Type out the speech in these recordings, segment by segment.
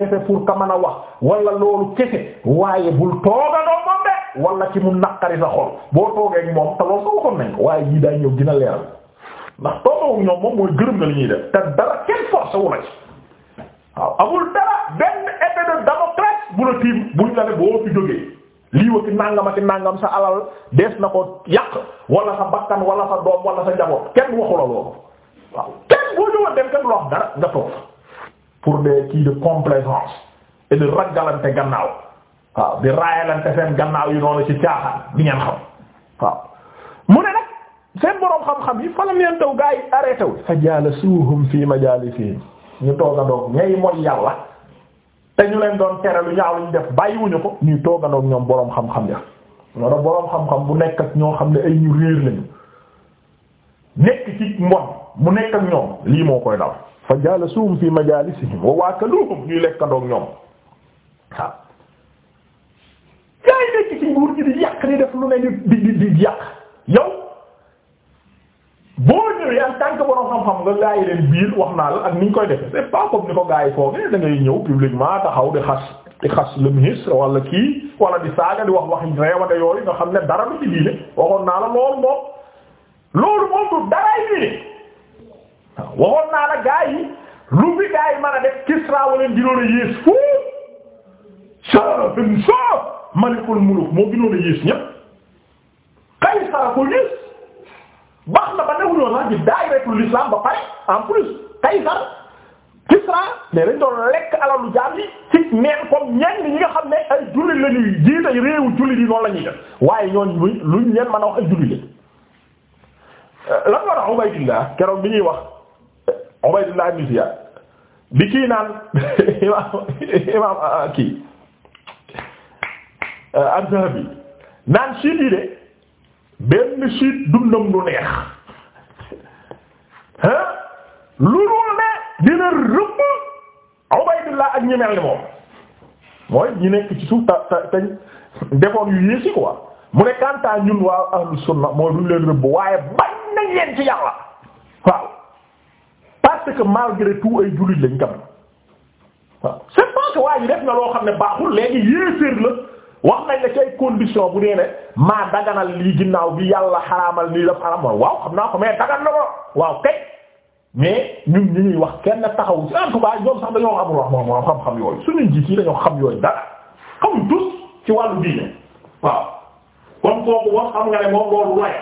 kese pour ka wax wala loolu kese waaye bul tooga doom moom de wala ci mu naqari sa xol boo toogee ak moom te loolu ko waxoon nañ waaye yii daay ñëw dina leeral ndax toogawu ñoom moom mooy gërëm na li ñuy def te dara kenn force wu la ci waaw amul dara benn épée de bu la tiim buñ la boo fi jógee lii wa ci nàngam ak sa alal dees na ko yàq wala sa bakkan wala sa doom kenn waxu loolu waaw kenn boo ñëwoon dem kenn loo xam dara nga toog pour des kii de complaisance et raggalante gannaaw waaw di raayalante seen gannaaw yi noonu ci caaxaan di ngeen xam waaw mu ne nag seen boroom xam-xam yi falam leen taw gaa yi arrêté wu fa jaalasuuhum fii majaalisuhum ñu toogandoog ñay mooy yàlla te ñu leen doon tere lu ñaaw luñ def bàyyiwuñu ko ñuy toogandoog ñoom boroom xam-xam ya ñoo doon boroom xam-xam bu nekk ak ñoo xam ne ay ñu réer lañu nekk ci mbon mu nekk ak ñoom lii moo koy dal fa jalasuhum fi majalisihim wa waakaluhum ñuy lekkandoog ñoom waaw yaay nekk ci nguur gi di yàq di def lu ne di di di yàq yow boo ñëwee en tant que borom xam-xam nga gaa yi biir wax naa la ak ni ñu koy defee c'est pas comme ni ko gaa foogee da ngay ñëw publiquement taxaw di xas di xas le ministre wala kii wala di saaga di wax wax reewande yooyu nga xam ne dara lu ci diine waxoon naa la loolu moom loolu moom du daraay diine waxoon naa la gaa yi lu fi gaa yi mën a def Kisra wala ginoon a yées foofu sarafin soof malikul muluk moo ginoon a yées ñépp Kaysar ko yées baax na ba newuñoo sax di daayiratul islam ba pare en plus Kaysar Kisra mais dañ doon lekk alalu jaam yi ci neen comme ñenn ñi nga xam ne ay jullit la ñuy jiite ay réewu jullit yi noonu la ñuy waaye ñooñu luñ leen mën a wax ay jullit la euh, lan war a Ubaydillah keroog bi ñuy wax. Ubaydullah ibn Ziyad bi kii naan imaam imaam ah, ah, kii ah, Az-Zahabi naan siit yi de benn siit dundam lu neex hein lu dul ne dina rëbb Ubaydullah ak ñi mel ni moom mooy ñi nekk ci suuf ta- ta- tañ defoon yu yéesi quoi mu ne kantaa ñun waa ahlu sunna mooy duñ leen rëbb waaye bañ nañ ci yàlla waaw parce que malgré tout ay jullit lañ kam waaw c'est waaye def na loo xam ne baaxul léegi yéeféer la wax nañ la ci ay condition bu nee ne maa daganal lii ginnaaw bi yàlla xaramal nii la xaraam waaw xam naa ko mais waaw ñuy wax kenn taxaw ci en tout cas ñoom sax xam-xam yooyu suñu njiit yi dañoo xam yooyu dara xamuñ tus ci wàllu diine waaw kon kooku wax xam nga ne moom loolu waaye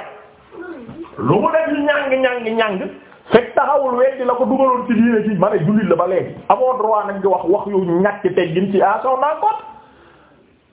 lu mu def ñu ñàng ñàng fekk taxawul weddi la ko dugaloon ci diine ci ma ne jullit la ba léegi amoo droit nag di wax wax yu ñàkk teggin ci à ah son encontre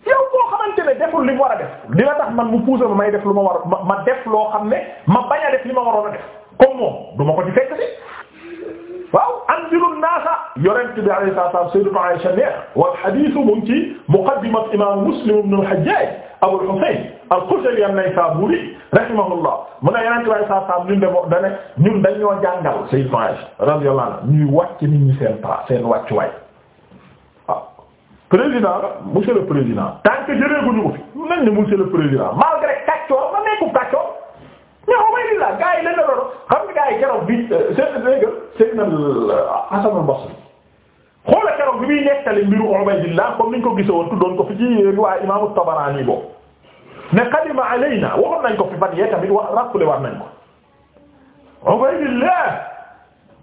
yow koo xamante ne deful li mu war a def dina tax man mu puusal may def lu ma war ma def loo xam ne ma bañ a ma waroon a def comme moom du ko ci fekk si waaw yuqatilu an-naasa yonent bi alayhi salaam sayyidatu Aisha ne wal hadiis mu ngi ci muqaddimat imaam Muslim ibn al-Hajjaj Abu al-Husayn al-Qushayri an-Naysaburi rahimahullah mu ne yonent bi alayhi salaam ñun de moom da ne ñun dañoo jàngal sayyidatu Aisha radiyallahu anha ñuy wàcc nit ñi seen pa seen wàccuwaay waaw ah, président monsieur le président tant que jëlee ko ñu ko fi nañ ne monsieur le président malgré kàccoor ma nekku kàccoor mais Ubaydillah gaa yi lañ la doon xam nga gaa yi keroog bi euh, seen léegi seen euh, Hasan al-Basri xoola keroog bi muy nettali mbiru Ubaydillah comme niñ ko gisoon tuddoon ko fi ci riwaaya Imam Tabarani boobu ne qadima alayna waxoon nañ ko fi fan yee tamit wax rappelé war nañ ko Ubaydillah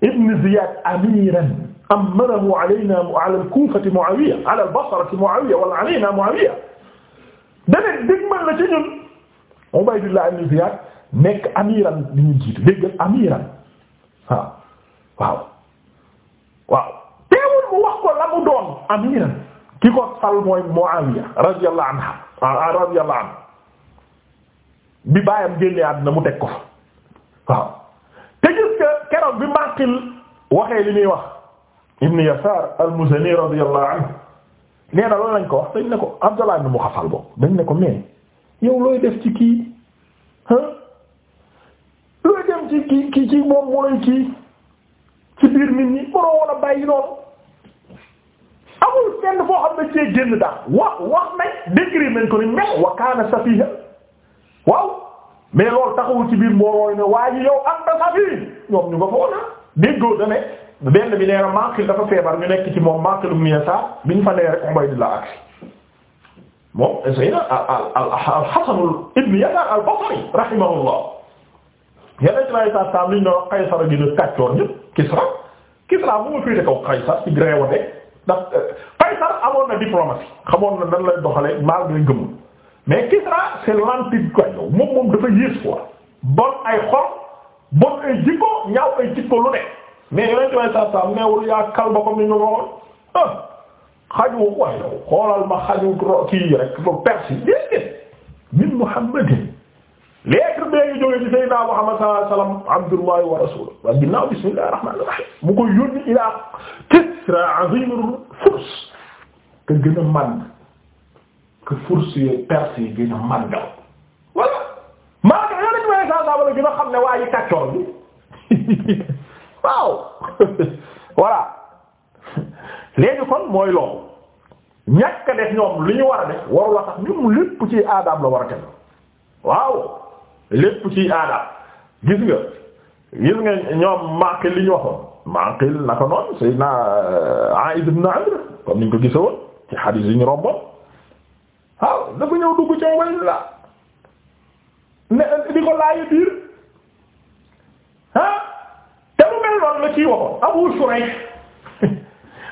ibn Ziyad amiran amarahu alayna ala al-Kufati Muawiya ala al-Basrati Muawiya wala alayna Muawiya dana dégmal la ci ñun Ubaydillah ibn Ziyad nekk amiran di ñu jiitu déggal amiran waaw waaw waaw teewul mu wax ko la mu doon amiran ki ko fal mooy Muawiya radiyallahu anha ah, radiyallahu anhu bi baayam génnee àdduna mu teg ko waaw te gis nga bi Maqil waxee li muy wax Ibn Yasar al-Muzani radiyallahu anhu nee na loolu lañ ko wax dañ ne ko Abdullah ibn Mughaffal boobu dañ ne ko mais yow looy def ci kii ci ki ki ci moom mooy kii ci biir nit ñi waroo woon a bàyyi noonu amul kenn foo xam ne cee génn daal wax wax nañ décrire nañ ko ni mel wa kaana safiha waaw mais loolu taxawul ci biir mbooloo ne waa ji yow am na safi ñoom ñu nga fa woon ah. déggoo da ne benn bi dafa feebar ñu nekk ci moom Maqil ibn Yasar bi ñu fa nee rek Ubaydullah ak moom Seydina al al al Hasan ibn Yasar al Basri rahimahullah yeneen ci laay sàr sàr liñ ne wax Qaysar gi de kàccoor ñëpp Kisra Kisra bu ma féete kaw Qaysar ci gréewate ndax euh, Qaysar amoon na diplomatie xamoon na nan lay doxalee malgré gëmul mais Kisra c'est l'antique quoi yow moom moom dafa yées quoi bon ay xol bon ay jikko ñaaw ay jikko lu ne mais yeneen ci laay sàr sàr neewul yaa kal ba comme ni ñu waxoon ah xaju waaye yow xoolal ma xaju kii rek pour persi déedéet min Muhammadin lettre bee ñu jógee ci Seydina Muhammad sallallahu alayhi abdullahi wa rasuluhu wa ginnaaw bismillahir rahmanir mu ko yónni ilaa Kisra azimul Furs ka gën a màgg ka Furs yi Perse yi gën a màggal voilà maa ngi leen di may sàlla la gën a xam ne waa yi kàccoor bi waaw kon mooy loolu ñàkk def ñoom li ñu war a def warula tax ñun lépp ci aadaam la war a tegu waaw. lépp ci aadab gis nga gis nga ñoom Maqil li ñu waxoon Maqil naka noonu Seydina euh, Aïd ibn Amr comme niñ ko gisoon ci xadiis yi ñu romboon waaw dafa ñëw dugg ci Ubaydullah ne di ko laaj biir ah te lu mel la ciy waxoon Abu Shurayh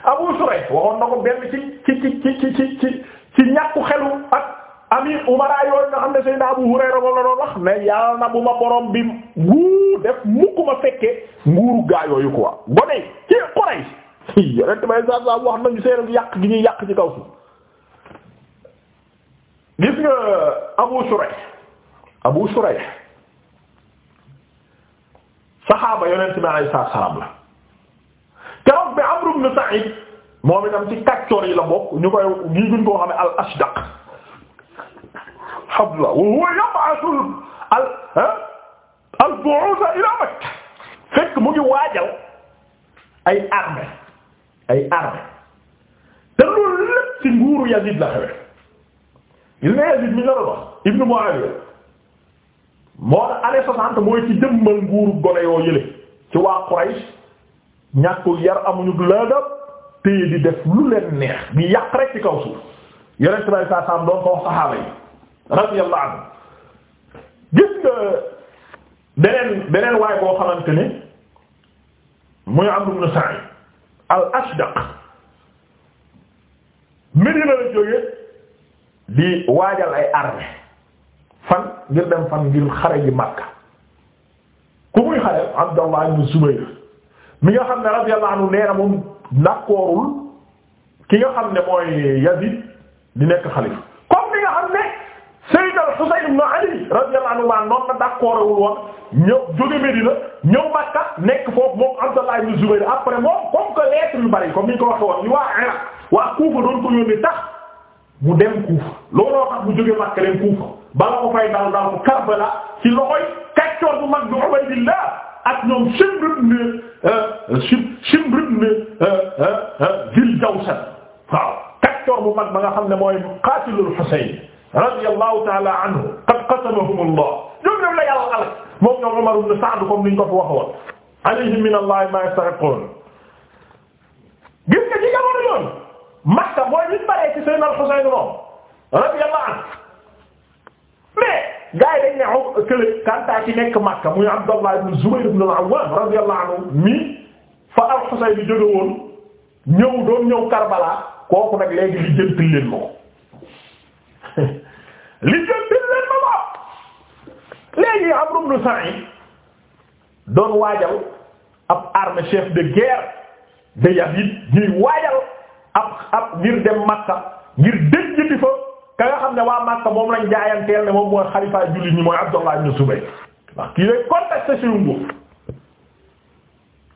Abu Shurayh waxoon na ko benn ci ci ci ci ci ci ci ñàkku xelu ak. amir umara yooyu nga xam ne Seydina Abu Hurayra moom la doon wax ne yàlla na bu ma borom bi wuu def mukk ma fekke nguuru gaa yooyu ko gone ci Quraysh yonent wax nañu yàq gi ñuy yàq ci kaw suuf gis nga yonent bi alayhi salaam la keroog bi Amr ibn Sa'id moom itam ci kàccoor yi la bokk ñu koy gii guñ koo xam ne al Ashdaq hafza wa huwa yab'athu al al-bu'uth ila Makka fekk mu ngi waajal ay armée ay armée te loolu lépp ci nguuru Yazid la xewe gis nga Yazid mi nga doon wax Ibn Muawiya moo tax année soixante mooy ci jëmmal nguuru gone yoo yële ci waa Quraysh ñàkkul yar amuñu laadab téye di def lu leen neex di yàq rek ci kaw suuf yore si may saa saam doon ko saxaaba yi radiyallahu anhu gis beneen beneen waay boo xamante ni muy Amr ibn Sa'id al-Ashdaq Medina la jógee di waajal ay armée fan ngir dem fan ngir xare ji Makka ku muy xare Abdallah ibn Zubayr mi nga xam ne radiyallahu anhu nee na moom ki nga xam ne mooy Yazid di nekk xalifa Husayn ibn Ali radiyallahu anhu maa noonu la d'accord wul woon ñëw jóge Medina ñëw Makka nekk foofu moom Abdallah ibn Zubayr après moom comme que lettre yu bari comme ni ñu ko waxee woon ñu waa Iraq waa Kuufa doon ko yónnee tax mu dem Kuufa looloo tax mu jóge Makka leen Kuufa bala ko fay dal dal mu Karbala ci loxoy kaccoor bu mag bi Ubaydillah ak ñoom Shimr ibn euh, Shimr ibn Dil euh, euh, Jawshan waaw kaccoor bu mag ba nga xam ne mooy qatilul Husayn radiyallahu ta'ala anhu qad qasamahumullah ñoom ñoom la yàlla alal moom ñoom Umar ibn Sa'd comme ni ñu ko fi waxoon alayhim min Allah ma yastahiqun gis nga ci jamono yoon Makka mooy li baree ci Sayyidina al-Husayn moom radiyallahu anhu mais gars yi dañ ne kële kantaa ci nekk Makka muy Abdallah ibn Zubayr ibn al-Awwam radiyallahu anhu mi fa al-Husayn bi jóge woon ñëw doon ñëw Karbala kooku nag léegi li jëntil leen moo li jël biir leen ma bopp léegi Amru ibn Sa'id doon waajal ab armée chef de guerre de Yazid ñuy waajal ab ab ngir dem Makka ngir dëj di fa ka nga xam ne waa Makka moom lañ jaayanteel ne moom mooy xalifa jullit ñi mooy Abdullah ibn Zubayr ndax kii lay contesté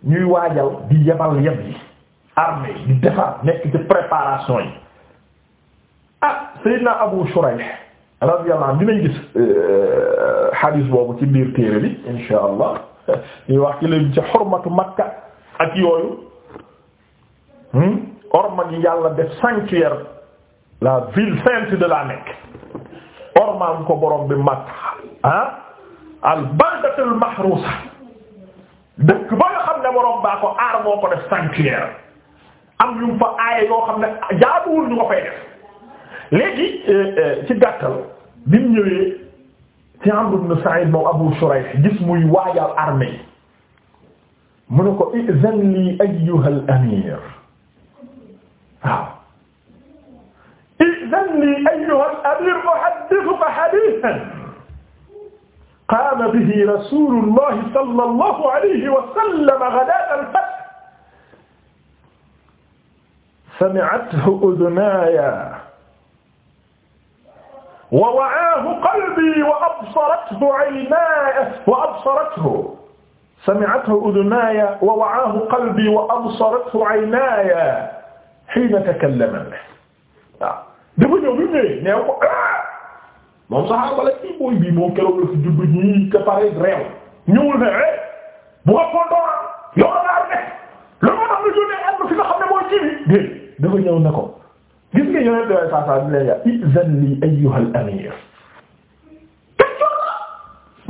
ñuy waajal di yebal yeb yi armée di defar nekk ci préparation yi ah Seydina Abu Shurayh radiyallahu anhu dinañ gis euh, hadith boobu ci biir téere bi insha wax ci leen ci xormatu makka ak yooyu hmm? orma yi yàlla def sanctuaire la ville sainte de la Mecque ormaam ko borom bi makka ah? al baldatul mahrusa dëkk ba xam ne borom baa ko aar ko def sanctuaire am yu fa aaye yoo xam ne jaaduwul ñu ko fay def euh, euh, ci gàttal bi mu ñëwee ci Amr ibn Sa'id moom Abu Shurayh gis muy waajal armée yi mu ne ko izan lii ayyuha al amir waaw izan lii ayyuha al amir uhaddithuka hadithan qaama bihi rasulullah sallallahu alayhi wa sallam ghadat al fath sami'athu udunaya wa wa'aahu qalbii wa absarathu 'aynaaya wa absarathu sami'athu udunaaya wa wa'aahu qalbii wa absarathu 'aynaaya hiina takallama waaw dafa ñëw bi ñëwee nee ko ah! moom saxaaba la ci booy bii moom keroog la fi juddu ñii ka pare réew ñëwul ne eh bu ko kontoon yow daal ne loolu moo tax ñu ne am fi nga xam ne mooy ji bi dafa ñëw ne ko. gis nga yonent yooyu saa saa bi lay yàq izan li ayyuhal amir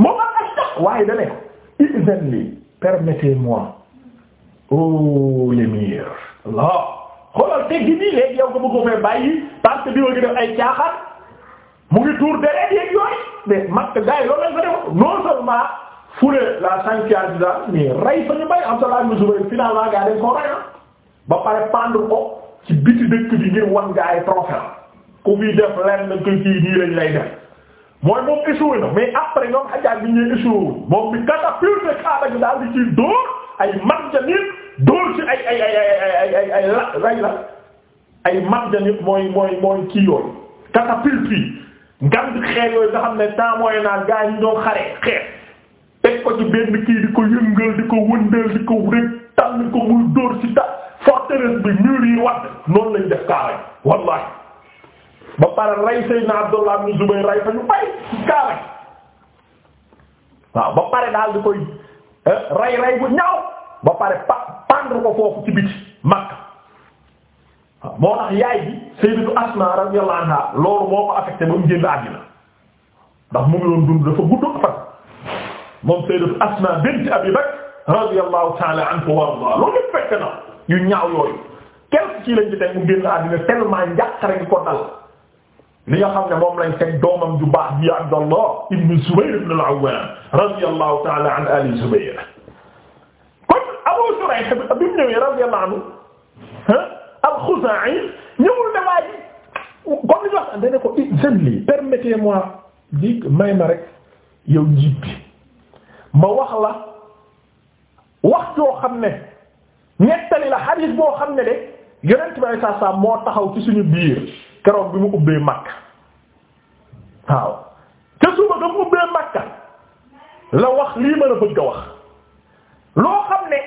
moom ak ak tax waaye da ne li permettez oh l'émir la xoolal te gi nii léegi yow ko bëgg ko fee bàyyi parce que di woo gi def ay caaxaan mu ngi tuur deret yeeg yooyu mais mag gars yi loolu lañ fa def non seulement fure la sanctuaire mais rey fa ñu bay am sa laaj mu suba finalement gaa dem koo rey ah. ba pare pendre ko ci biti dëkk bi ngir wan gaa yi trophée ku fi def lenn nga kii nii lañ lay def mooy moom échoué na mais après ñoom xajaar bi ñuy échoué moom bi catapulte Kaaba gi daal di ay marjanit dóor ci ay la la ay marjanit mooy mooy mooy kii yooyu catapulte yi ngand xeer yooyu nga xam ne temps mooy naan gaa yi ñoo xaree xeer teg ko ci benn kii di ko yëngal di ko wëndeel di ko rek tànn ko muy dóor ci ta forteresse bi mur yi wadd noonu lañ def kaaba wallahi ba pare rey Seydina Abdullah ibn Zubayr rey fa ñu bay kaaba gi waaw ba pare daal di koy eh, rey rey bu ñaaw ko foofu ci biti Makka waaw moo tax yaay bi Sayyidatu Asma radiyallahu anha loolu moo ko affecté ba mu génn mu ngi doon dund dafa gudd fan moom Sayyidatu Asma bint Abi Bakr radiyallahu ta'ala anha loolu fekk na. yu ñaaw yooyu kenn ci lañ ci teg mu génn àddina tellement njàqare gi ko dal li nga xam ne moom lañ teg doomam ju baax bi Abdallah ibn Zubayr ibn al-Awwam radiyallahu ta'ala ñëwul ne waa ji comme li wax da ne ko izan li permettez may ma rek yow njiit bi ma wax la wax joo xam ne nettali la xadiis boo xam ne de yonent bi saa saa moo taxaw ci suñu biir keroog bi mu ubbee Makka waaw te suba da mu ubbee Makka la wax lii ma la bëgg a wax loo xam ne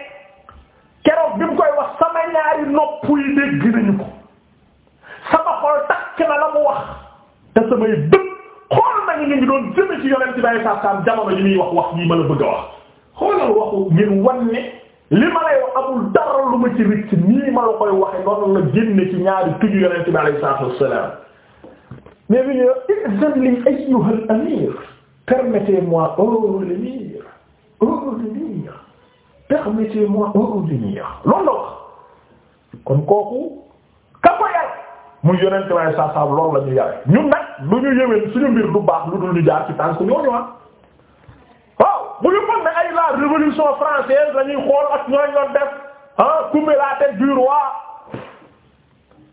keroog bi mu koy wax sama ñaari nopp yi dégg nañu ko sama xol takk na la mu wax te samay bët xool nañu ñu ngi doon jëme ci yonent saa saa jamono yi muy wax wax lii ma la bëgg a wax xoolal waxu ngir wan li ma lay wax amul lu ma ci rëcc nii ma waxe noonu la génne ci ñaari tuju yonent bi alayhi salaatu wassalaam mais bi ñu izan li ayyuha amir permettez-moi oh l'émir oh l'émir permettez-moi oh l'émir loolu kon kooku ka ko yar muy yonent bi alayhi salaatu wassalaam loolu la ñu yare ñun nag du ñu yëwén suñu mbir du baax lu dul ñu jaar ci tànk ñooñu ah waaw ah révolution française la ñuy xool ak ñooy ñoon def ah couper la tête du roi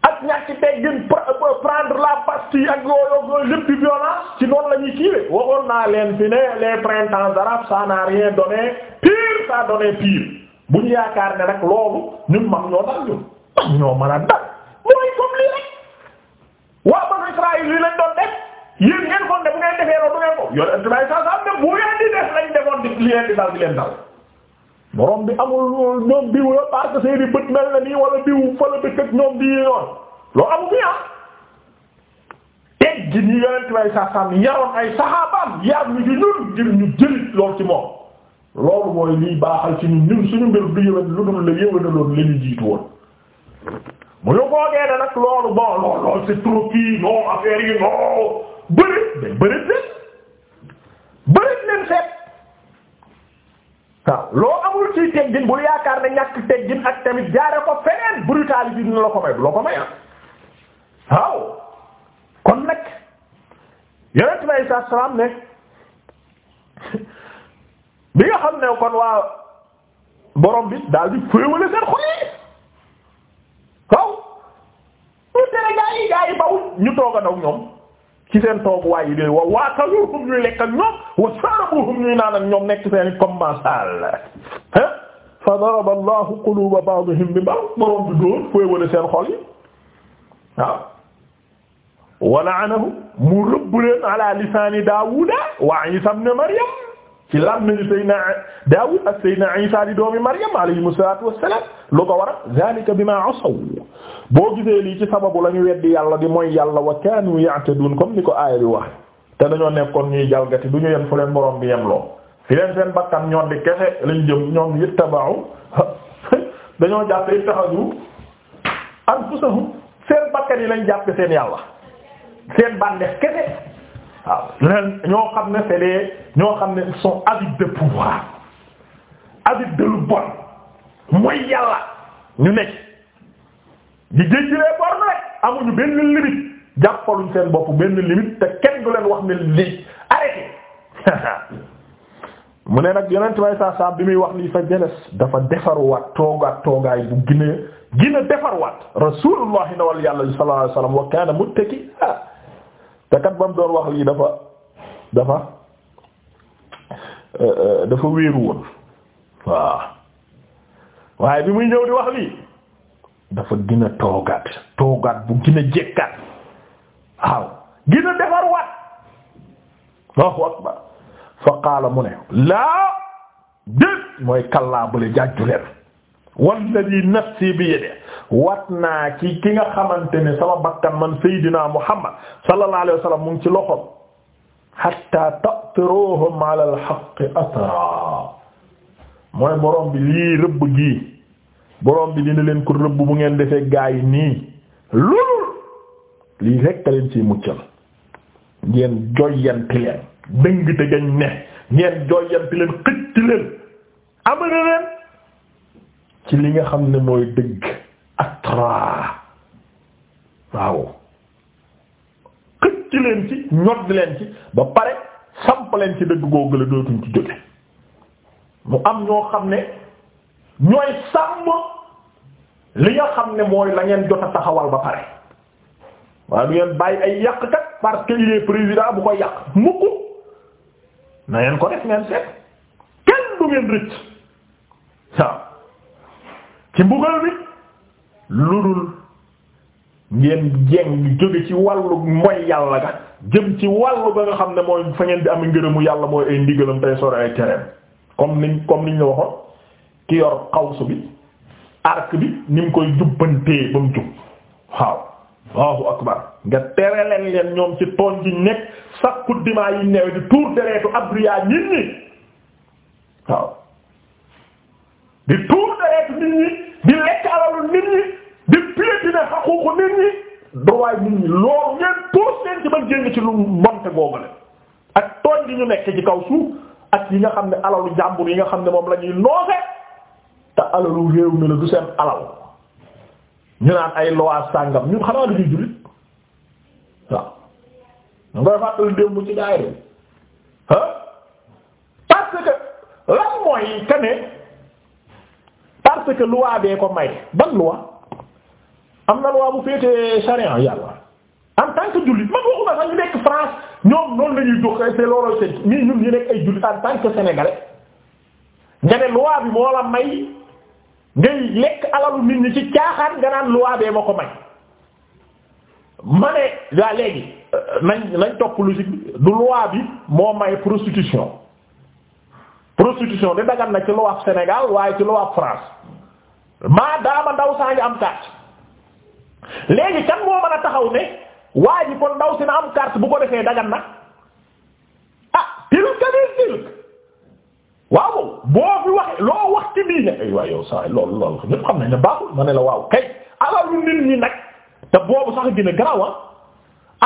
ak ñàkk teggin prendre la Bastille ak yooyu yooyu lépp di violence ci noonu la ñuy kiiwee naa leen fi ne les printemps arabes ça n'a rien donné pire ça donné pire bu yaakaar ne rek loolu ñun mag ñoo dal ñun ñoo mën a dal mooy comme lii waa Banu Israël yi lañ doon def yéen ngeen ko def ngeen defee loolu du ngeen ko yore bu ngeen di def lañ defoon di leen di dal di leen dal borom bi amul ñoom diw la parce que seeni bët mel na nii wala diw fa la dëkk ak ñoom di yoon loo amu fi ah teggin yi yonent way sasam yaroon ay saxaabaam yar ñu ci ñun ngir ñu jëlit lool ci moom loolu mooy liy baaxal ci ñun ñun suñu mbir du yëwén lu dul la yëwénaloon la ñu jiitu woon mu ñu koogee ne nag loolu bon lool lool c'est trop kii non affaire yi non bëri day waaw loo amul ci teggin bul yaakaar ne ñàkk teggin ak tamit jaare ko feneen brutalité dina la ko may du la ko may ah kon nag yonent bi saa salaam ne bi nga xam ne kon waa borom bi daal di féewale seen xol yi waaw ñu tere gaa yi gaa yi bawul ñu toog daw ñoom ci seen tooguwaay yi de wa waakaluhum ñuy lekk ak ñoom wa sarabuhum ñuy naan ak ñoom nekk seen comme masal ah fa daraba allahu quluba ba'dihim bi ba'd borom bi dóor fooy wala seen xol yi waaw wa la'anahu mu rëbb leen ala lisaani daawuda wa isa ibn maryam ci lam nañu saydna daawud ak saydna isa di doomi maryam alayhi salaatu wassalaam lu ko waral zalika bima asaw boo gisee lii ci sababu la ñu weddi yàlla di mooy yàlla wa kaanu ya'tadun comme ni ko aaya bi wax te dañoo nekkoon ñuy jalgati du ñu yem fu leen borom bi yem loo fi leen seen bakkan ñoom di kese lañ jëm ñoom yittaba'u dañoo jàpp ittakhadhu anfusahum seen bakkan yi lañ jàpp seen yàlla seen bànneex kese waaw leen ñoo xam ne c'est ñoo xam ne ils sont avides de pouvoir avides bon mooy yàlla ñu nekk. di jéggilee bor na rek amuñu benn limite jàppaluñ seen bopp benn limite te kenn du leen wax ne lii arrêté mu ne nag yonent bay saa saa bi muy wax lii fa jeles dafa defarwaat toogaat toogaay bu gine gine defarwaat rasulullah ndawal yàlla sallallahu alayhi wasallam wa kana muttaki te kat ba mu doon wax lii dafa dafa euh, euh, dafa wéeru woon waaw waaye bi muy ñëw di wax lii dafa gën a toogaat toogaat bu gën a jekkaat waaw gën a defar waat Allahu akbar fa qaala mu ne laa dét mooy kallaa bale jàjju leen walladi nafsi bi yede wat naa ki ki nga xamante ne sama bakkan man saydina Muhammad sallallahu alayhi wa sallam mu ngi ci loxom hatta taqtiruhum ala al-haqqi atra mooy borom bi lii rëbb gi borom bi dina leen ko rëbb bu ngeen defee gaa yi nii loolu lii rekk leen ciy muccal ngeen joyanti leen dëng te gañ ne ngeen joyanti leen xëcc leen amana leen ci li nga xam ne mooy dëgg atraa waaw xëcc leen ci ñodd leen ci ba pare samp ci dëgg googu la dootuñ ci jóge mu am ñoo xam ne ñooy sàmm li nga xam ne mooy la ngeen jot a taxawal ba pare waaye du ngeen bàyyi ay yàqkat parce que il est président bu koy yàq mukk na ngeen ko def ngeen seet kenn du ngeen rëcc ci mbugal bi lu dul ngeen jeng jóge ci wàllu mooy yàlla ga jëm ci wàllu ba nga xam ne mooy fa ngeen di am ngërëmu yàlla mooy ay ndigalam tey sore ay tereem comme niñ comme niñ la waxoon ki yor xawsu bi arc bi ni mu koy jubbantee ba mu jub waaw Allahu akbar nga tere leen leen ñoom ci tooñ gi nekk sakku dimaa yi di tuur dereetu abriya nit ñi waaw di tuur dereetu nit ñi di lekk alalu nit ñi di piétiner xaquuqu nit ñi droit nit ñi loolu ngeen tuus leen ci ba génn ci lu mbonte boobale ak tooñ gi ñu nekk ci kaw suuf ak yi nga xam ne alalu jàmbur yi nga xam ne moom lañuy ñuy noose te alalu réew mi la du seen alal ñu naan ay lois sàngam ñun xanaa dañuy jullit waaw ñu koy fàttali démb ci daayira ah parce que lan mooy que parce que loi bee ko may ban loi am na loi bu féetee charia yàlla en tant jullit man waxuma sax ñu nekk France ñoom noonu la ñuy joxe c'est looloo seen mii ñun ñu nekk ay jullit en tant que nga ne loi bi moo la may. ngay lekk alalu nit ñi ci caaxaan nga naan loi bee ma ko may ma ne gaa léegi nañ nañ topp logique bi du loi bi moo may prostitution prostitution de dagan na ci loi Sénégal waaye ci loi France maa daama ndaw saa ngi am carte léegi kan moo mën a taxaw ne waa ji kon ndaw si na am carte bu ko defee dagan na ah tilka bi tilk waaw boo fi waxee loo wax ci bii ne ay waay yow saa loolu loolu ñëpp xam nañ ne baaxul ma ne la waaw kay alalu nit ñi nag te boobu sax gën a garaaw ah,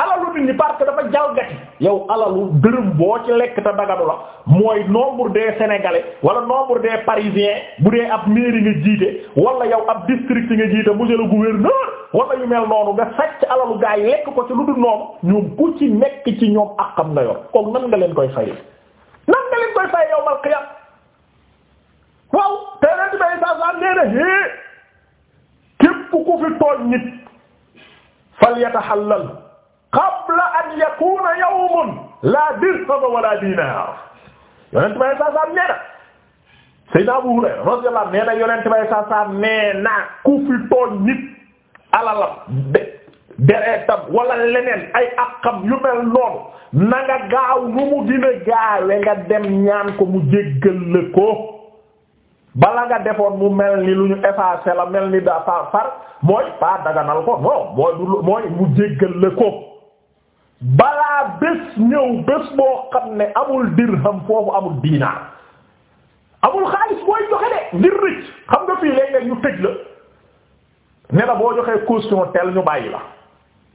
alalu nit ñi parce que dafa jalgati yow alalu dërëm boo ci lekk te dagadu la mooy nombre des sénégalais wala nombre des parisiens bu dee ab mairie nga jiite wala yow ab district nga jiite mu monsieur le gouverneur wala yu mel noonu nga sàcc alalu gaa yi lekk ko ci lu dul noonu ñoom ku ci nekk ci ñoom akam na yor kooku nan nga leen koy fay yawmal qiyam waaw te ren jii bay saa saa nee na hee képp ku fi tooñ nit falyatahallal qabla an yakuna yawmun laa dirham wala dinar yonent bay saa saa nee na Seydina Abu Hurayra radiyallahu anhu nee na yonent bay saa saa nee na ku fi tooñ nit alalam de. dereetam wala leneen ay akam yu mel noonu na gaaw lu mu dina gaawe nga dem ñaan ko mu jéggal la ko bala nga defoon mu mel ni lu ñu effacé la mel ni dafa far mooy pas daganal ko non mooy mu jéggal la ko balaa bés ñëw bés boo xam ne amul dirham foofu amul diinaar amul xaalis booy joxe de ngir xam nga fii léeg-léeg ñu tëj la ne boo joxee caution tel ñu bàyyi la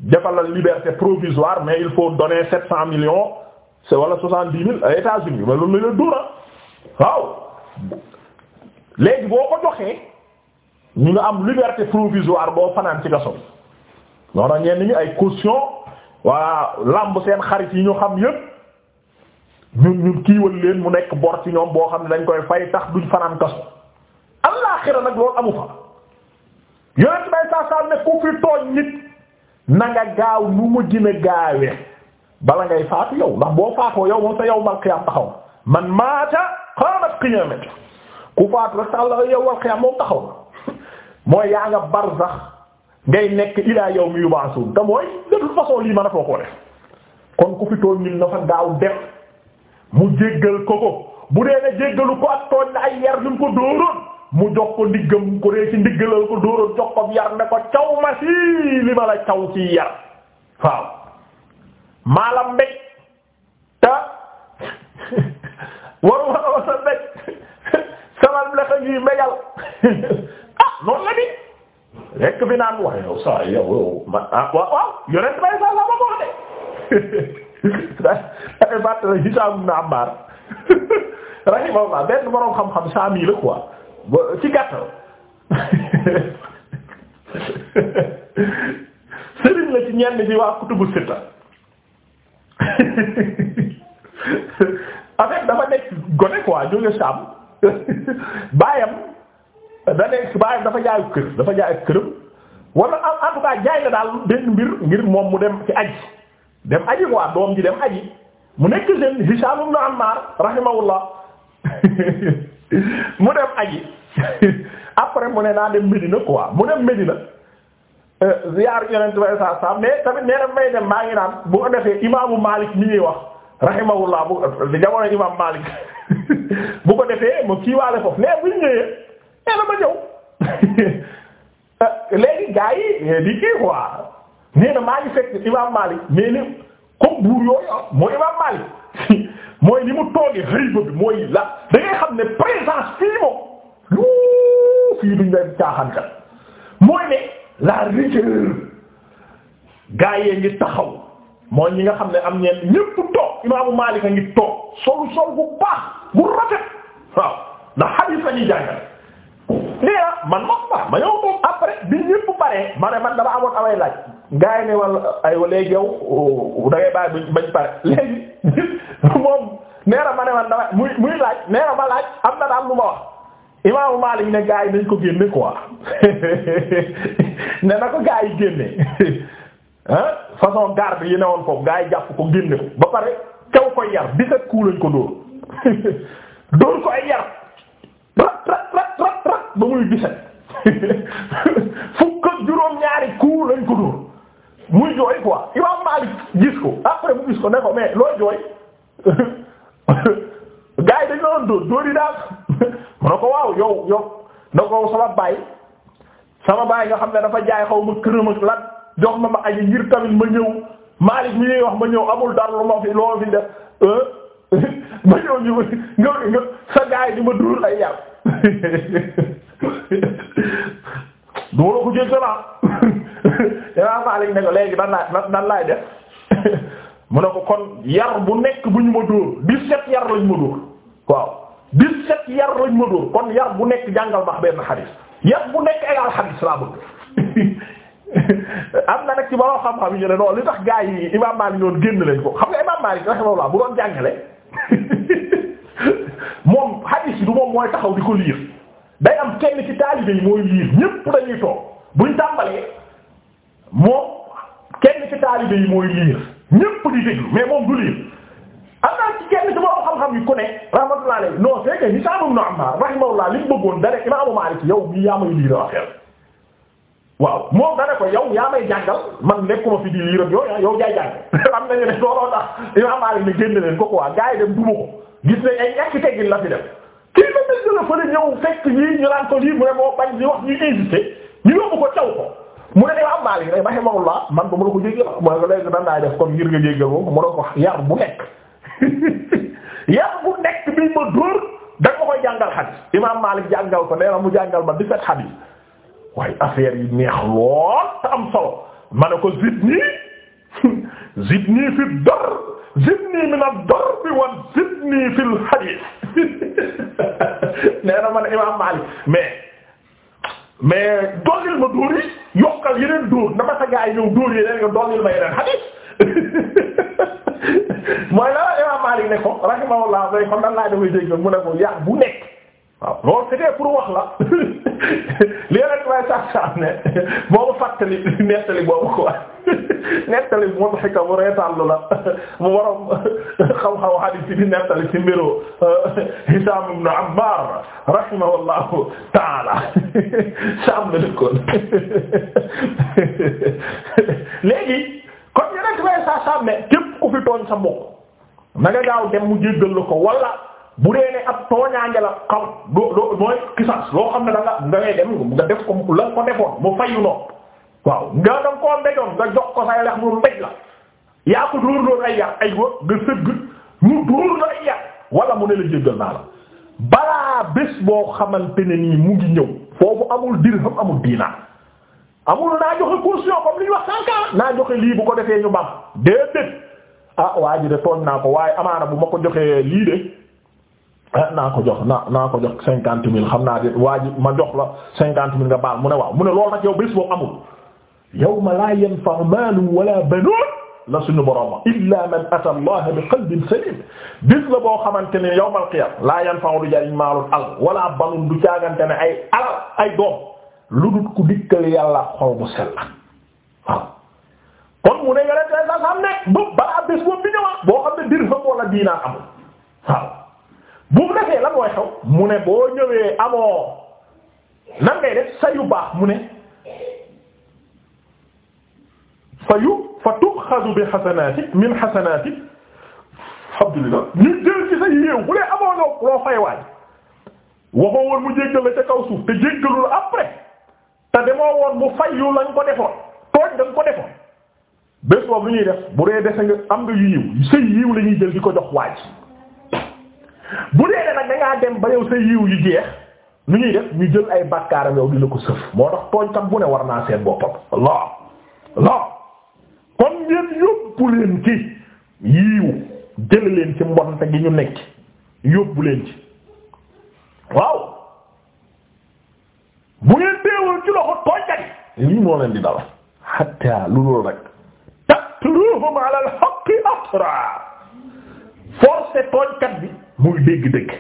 defal la liberté provisoire mais il faut donner sept cent millions c'est wala soixante dix mille ay États-Unis mais loolu la dóora ah. waaw léegi boo ko joxee ñu nga am liberté provisoire boo fanaan ci kaso bi noonu ñenn ñi ay caution waa lamb seen xarit yi ñu xam yépp ñun ñu kiiwal leen mu nekk bor ci ñoom boo xam ne dañ koy fay tax duñ fanaan kaso allaaxira nag loolu amu fa yonent bay saa saa ne ku fi tooñ nit na nga gaaw nu mu gën gaawee bala ngay faatu yow ndax boo faatoo yow moom sa yow mal xiyaam taxaw man maata qaamat qiyaamatu ku faatu rek sa la yow wal moom taxaw mooy yaa nga barzax ngay nekk ilaa yawmi yub'asun te mooy de toute façon lii mën a too koo def kon ku fi tool nit na fa gaaw def mu jéggal ko ko bu dee ne jéggalu ko ak tooñ na ay yar ñu ko dóoroon mu jox ko ndiggam ko dee ci ndiggalal ko dóoral jox ko ko caw ma si li caw ci yar waaw maala mbéj te waru wara sa mbéj di rekk ah, bi naan sa man ah waaw waaw yonent bay sa la ma ko de dae battala Hisaam ibn Ammaar rahimahullah benn boroom xam-xam saami la ba ci gàttal sëriñ la ci ñenn ci waa kutubu a avec dafa nekk gone quoi jóge Saam baayam da nekk baayam dafa jaay kër dafa jaay ak këram wala en tout cas jaay daal benn mbir ngir moom mu dem ci aji dem aji quoi doom ji dem aji mu nekk seen Hisaam ibn Ammaar rahimahullah mu dem aji après mu ne naa Medina quoi mu dem Medina euh, ziyaar yonent bi saa saa mais tamit nee na may dem maa ngi naan bu ko defee imaamu Malik mi ñuy wax rahimahullah bu euh, jamono imaam Malik bu ko defee mu kiiwaale foofu mais bu ñu ñëwee nee na ma ñëw euh, léegi gaa yi di kii quoi nee na maa ngi fekk imaam Malik mais ni comme buur yooyu ah, mooy imaam Malik. mooy ni mu toogee xëy bi mooy la da ngay xam ne présence fii moom wuu fii duñ lay caaxaankat mooy ne la rigueur gaa yee ngi taxaw mooy ñi nga xam ne am ñeen ñépp toog imaamu Maalik a ngi toog solu sol bu baax bu rafet waaw ndax xadiis la ñuy man moom ba ma ñëw moom après bi ñépp paree man dama amoon amay laaj gaa yi ne wala ay léegi yow oh, da ngay bàyyi bañ pare léegi moom neera ma ne man dama muy muy laaj neera ma laaj am na daal lu ma wax imaamu Maalik ne gaa yi nañ ko génne ne na ko gaa yi génne façon garde yi ne woon foofu gaa yi ko génne ba pare caw koy yar dix-sept coups lañ ko dóor dóor ko ay rat rat rat rat ba muy dix-sept fukk ak juróom ñaari coups ko dóor muy jooy quoi Malik gis ko après mu gis ko ne ko mais looy jooy gars yi dañu doon dóor dóor yi daal mu ko waaw yow yow na ko sama baay sama baay nga xam ne dafa jaay xaw ma këram ak lan jox ma ma aji ngir tamit ma ñëw Malik mi ñuy wax ma ñëw amul dara lu ma fi loo fi def ma ñëw ñu nga nga sa gars di ma dóor ay yàlla. doo la ko jéggi Imaam Maalik ne ko léegi nan laay nan laay def mu ne ko kon yar bu nekk bu ñu ma dóor dix-sept yar lañ ma dóor waaw dix-sept yar lañ ma dóor kon yar bu nekk jàngal max benn xadis yar bu nekk ay xadis laa bëgg am na nag ci borom xam-xam yi ñu ne non li tax gaa yi Imaam Maalik ñoon génn lañ ko xam nga Imaam Maalik rahimahullah bu doon jàngale moom xadis yi du moom mooy taxaw di ko liir day am kenn ci taalibe yi mooy liir ñépp dañuy toog. buñ tàmbalee moom kenn ci taalibe yi mooy liir ñépp di déglu mais moom du liir am naa ci kenn ci borom xam-xam yi ku ne rahmatullah alayhi non c'est que Hishaam ibn Ammaar rahimahullah li mu bëggoon da ne yow mii yaa may liir affaire waaw moom da ne ko yow yaa may jàngal man nekkuma fi di liir ak yow yow jaay jàng am nañu ne looloo tax ko quoi gars dem duma gis ne ay ñàkk teggin la fi def kii la dégg la fële ñëw fekk ñii ñu naan ko lii mu ne moo bañ di wax ñu yóbbu ko caw ko mu ne Imaam Maalik rek rahimahullah man ba mu la mu ne ko léegi nan ko mu ne ko nekk yar bu nekk bi ma dóor da nga koy jàngal xadis Imaam Maalik jàngal ko nee na mu jàngal ma fet xadis waaye affaire yi neex am solo ma ne ko zidni zidni fi dar zidni min ad-darb wa zidni fil hadith nee na ma ne Imaam Maalik mais. mais dollil ma dóor yi yokkal yeneen dóor na ma sa gaa yi ñëw dóor yeneen nga dollil ma yeneen xadis mooy la Imam Malik ne ko rahimahullah day kon nan laa damay dégg mu ne ko yàq bu nekk waaw loolu c'était wax la li yeneen may sax sax ne moo ko fàttali nettali boobu ko nettali mu xika bu reetallu la mu waroom xam-xaw hadith bi nettali ci mbiru uh, Hisaam ibn Ammaar rahimahullahu taala Saam la dëkkoon léegi kon yeneen tibey saam ne képp ku fi tooñ sa mbokk na nga dem mu jéggal la ko wala bu dee ab tooñaange la xaw doo doo mooy kisaas loo xam ne da nga da ngay dem nga def ko la ko defoon mu fayu noonu waaw nga danga koo jox ko say lex mu mbej la ko yar ay wa nga sëgg mu dóor la ay yar wala mu ne la jéggal naa la balaa bés boo xamante ne nii mu ngi ñëw foofu amul dirham amul diinaar naa joxe caution comme li ñu lii bu ko defee ñu baax déedéet ah waa naa ko waaye amaana bu ma ko joxee lii ah, naa ko jox naa naa ko jox cinquante mille xam naa de waa ji ma jox la cinquante mille nga baal mu ne waaw mu ne loolu nag yow bés boobu amul. yawma laa yanfa'u maalun wala banuun la suñu borom illa man ata allah bi qalbin salim bis la boo xamante ne yawmal qiyaama laa yanfa'u du jariñ maalun alal wala banuun du caagante ne ay alal ay doom lu dul ku dikkal yàlla xol bu sell waaw. kon mu ne yore tey sax am ne bu balaa bés boobu bi ñëwaat boo xam ne dirham wala diinaar amul waaw bu mu defee lan mooy xew mu ne boo ñëwee amoo nan ngay def sa yu baax mu ne. fa yu fa tuxadu bi xasanaatik min xasanaatik alhamdulillah ñu jël ci sa yéew bu dee amoon loo fay waaj waxoo woon mu jéggal la ca kaw suuf te jéggalu la après te demoo woon mu fayyu lañ ko defoon tooñ dañ ko defoon bés boobu lu ñuy def bu dee dese nga am nga yu yiw sa yiw la ñuy jël di ko jox waaj bu dee ne nag da dem ba yow sa yiw yu jeex nu ñuy def ñu jël ay bàkkaaram yow di la ko sëf moo tax tooñ tam bu ne war naa seet boppam Allah Allah yóbbu leen ci yiiw jële leen ci gi ñu nekk yóbbu leen ci waaw bu ngeen deewal ci loxo tooñkat yi lii moo leen di dala hatta lu loolu rek tatruhum ala al-haqqi asra forcé tooñkat bi muy dégg-dégg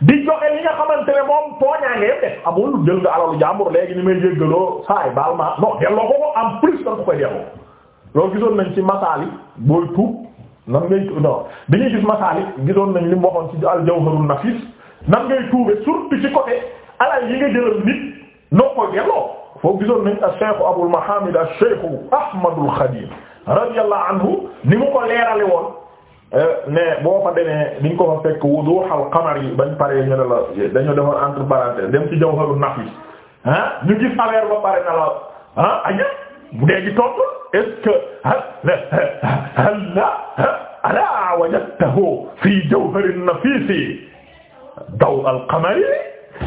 di joxe li nga xamante ne moom tooñaa nga yëpp def amul jël nga alalu jàmbur léegi ni may jéggaloo saay baal ma non delloo ko ko en plus danga ko koy delloo loolu gisoon nañ ci masaalik booy tuub nan ngay non bi ñuy gis masaalik gisoon nañ li mu waxoon ci al jawharun nafis nan ngay tuube surtout ci côté alal yi nga jëlal nit noo koy delloo foofu gisoon nañ as-Cheikh Abul Mahamid as-Cheikh Ahmadul Khadim radiyallahu anhu ni mu ko leerale woon euh, ne boo fa demee ni ko fa fekk wuduhal qamar yi bañ paree ñu ne la dañoo defoon entre parenthèses dem ci jawharun nafis ah ñu gis affaire ba pare na la ah aja bu dee ci tontu est-ce que fi jawharin nafisi daw al qamari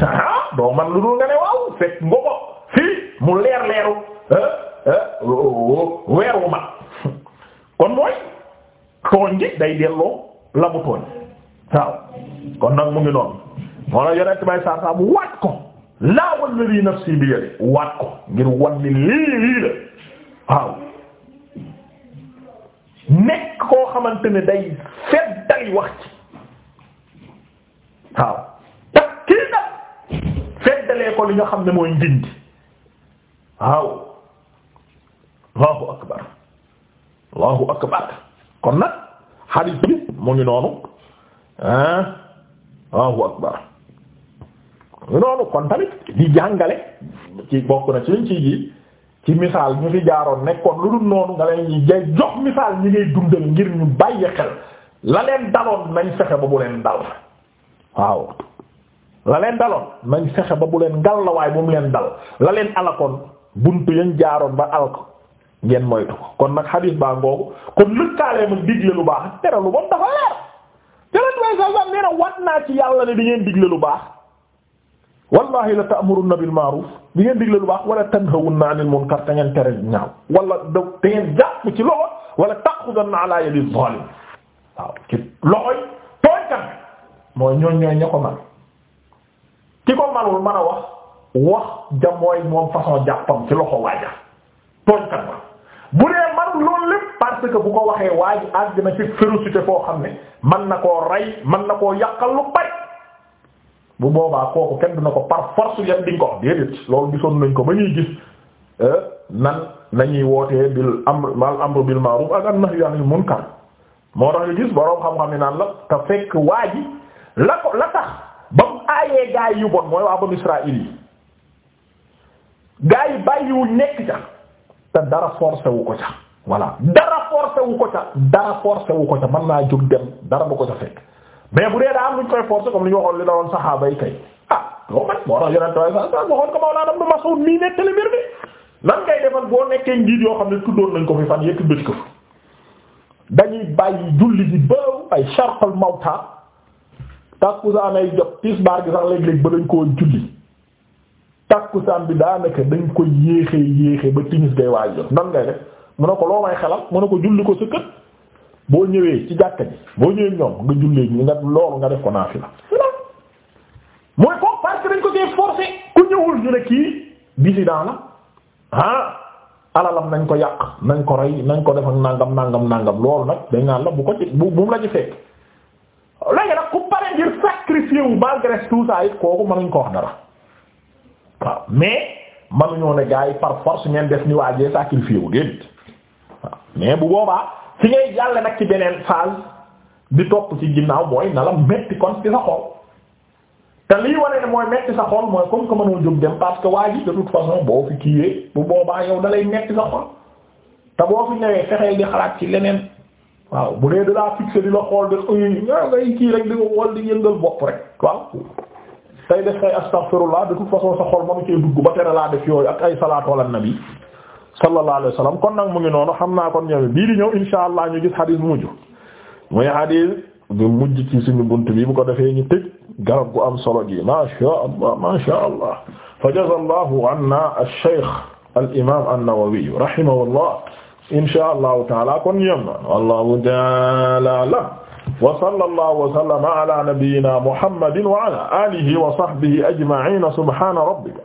ah doo lu dul nga ne waaw fekk nga fii mu leer leeru eh, eh, weeru ma kon mooy tooñ gi day delloo la mu tooñ waaw kon nag mu ngi noonu moo la yonent bay saa saa waat ko laa walladi nafsi bi waat ko ngir wan lii lii la waaw nekk koo xamante ne day feddali yi ci waaw tax kii nag li nga xam ne mooy njindi waaw allahu akbar allahu akbar kon nag hadith bi mu ngi noonu ah allahu akbar mu ngi noonu kon di jàngale ci bokk na ci liñ ci ji ci misaal ñu fi jaaroon nekkoon lu dul noonu nga leen ñi jay jox misaal ñi ngay dundal ngir ñu bàyyi xel la leen daloon nañ fexe ba bu leen dal waaw la leen fexe ba bu leen ngal la waaye bu mu leen dal la leen alakoon bunt yañ jaaroon ba alk ngeen moytu ko kon nag xadiis baa ngoogu kon lëkkaalee digle lu baax tere lu bon dafa leer jëlat way sa san nee na wat naa ci yàlla ne di ngeen digle lu baax wallahi la ta'muruna bil ma'ruf bi ngeen digle lu baax wala tanhawunna 'anil munkar te ngeen tere ñaaw wala da te ngeen jàpp ci loxo wala ta'khudanna 'ala yadi zalim waaw ci loxoy tooñkat mooy ñooñ ñooy ña ko ki ko manul mën moom ci loxo waaja tooñkat ba bu dee man loolu lépp parce que bu ko waxee waaj àgg na ci férocité foo xam ne man na koo rey man na koo yàqal lu bari bu boobaa kooku kenn na ko par force yam di nga ko déedéet loolu gisoon nañ ko ba ñuy gis euh, nan nañuy wootee bil amr mal amru bil ma'ruf ak an-nahyu 'anil munkar moo tax ñu gis boroom xam-xam ni naan la te fekk waa ji la ko la tax ba mu aayee gaa yi yu bon mooy waa banu Israaïl yi gaa yi bàyyi nekk ca te dara forcé ko ca voilà dara forcé ko ca dara forcé ko ca mën naa jóg dem dara bu ko ca fekk mais bu dee daa am luñ koy forcer comme li ñu waxoon li daloon saxaaba yi kay ah loolu nag moo tax yonent boo nekkee njiit yoo xam ne tuddoon nañ ko fi fan yëpp bëti ko fi dañuy bàyyi julli ji baaw ay sharqal mawta tàkkusaan ay jot tisbaar gi sax léeg-léeg ba dañ ko julli tàkkusaan bi daanaka dañ ko yéexee yéexee ba timis gay waaj jot nan ngay def mu ne ko loo may xelal mu ne ko julli ko sa boo ñëwee ci jàkka ji boo ñëwee ñoom nga jullee ñu nga loolu nga def ko naafila mooy ko parce que dañ ko see forcé ku ñëwul ñu ne kii dissident la ah alalam nañ ko yàq nañ ko rey nañ ko def ak nangam nangam nangam loolu nag dañ naan la bu ko ci bu bu mu la fekk léegi nag ku pare ngir sacrifier wu malgré tout ça it kooku mënuñ ko wax dara waaw mais mënuñoo ne gars yi par force ngeen def ni waajee sacrifier wu déedéet waaw mais bu boobaa. fi ngay jàll nag ci beneen phase di topp ci ginnaaw mooy na la metti kon ci sa xol te lii wane ne mooy metti sa xol mooy comme que mënoo jóg dem parce que waa ji de toute façon boo fi kiiwee bu boobaa yow dalay metti sa xol te boo fi ñëwee fexeel di xalaat ci leneen waaw bu dee dalaa fixé di la xool de ña ngay kii rek di ko wol di yëngal bopp rek waaw tey def kay astaghfirullah de toute façon sa xol mënu cee dugg ba tere laa def yooyu ak ay salaatu ala sallallahu alayhi wa sallam kon nag mu ngi noonu xam naa kon ñëw bii di ñëw insha allah ñu gis xadiis bu mujj muy xadiis bu mujj ci suñu bunt bi bu ko defee ñu tëj garab gu am solo gi ma sha allah ma sha allah fa jazallahu anna ash-shaykh al-imam an-nawawi rahimahullah insha allahu taala kon ñëw na wallahu taala wa sallallahu wa sallama ala nabiyyina muhammadin wa ala alihi wa sahbihi ajma'in subhana rabbika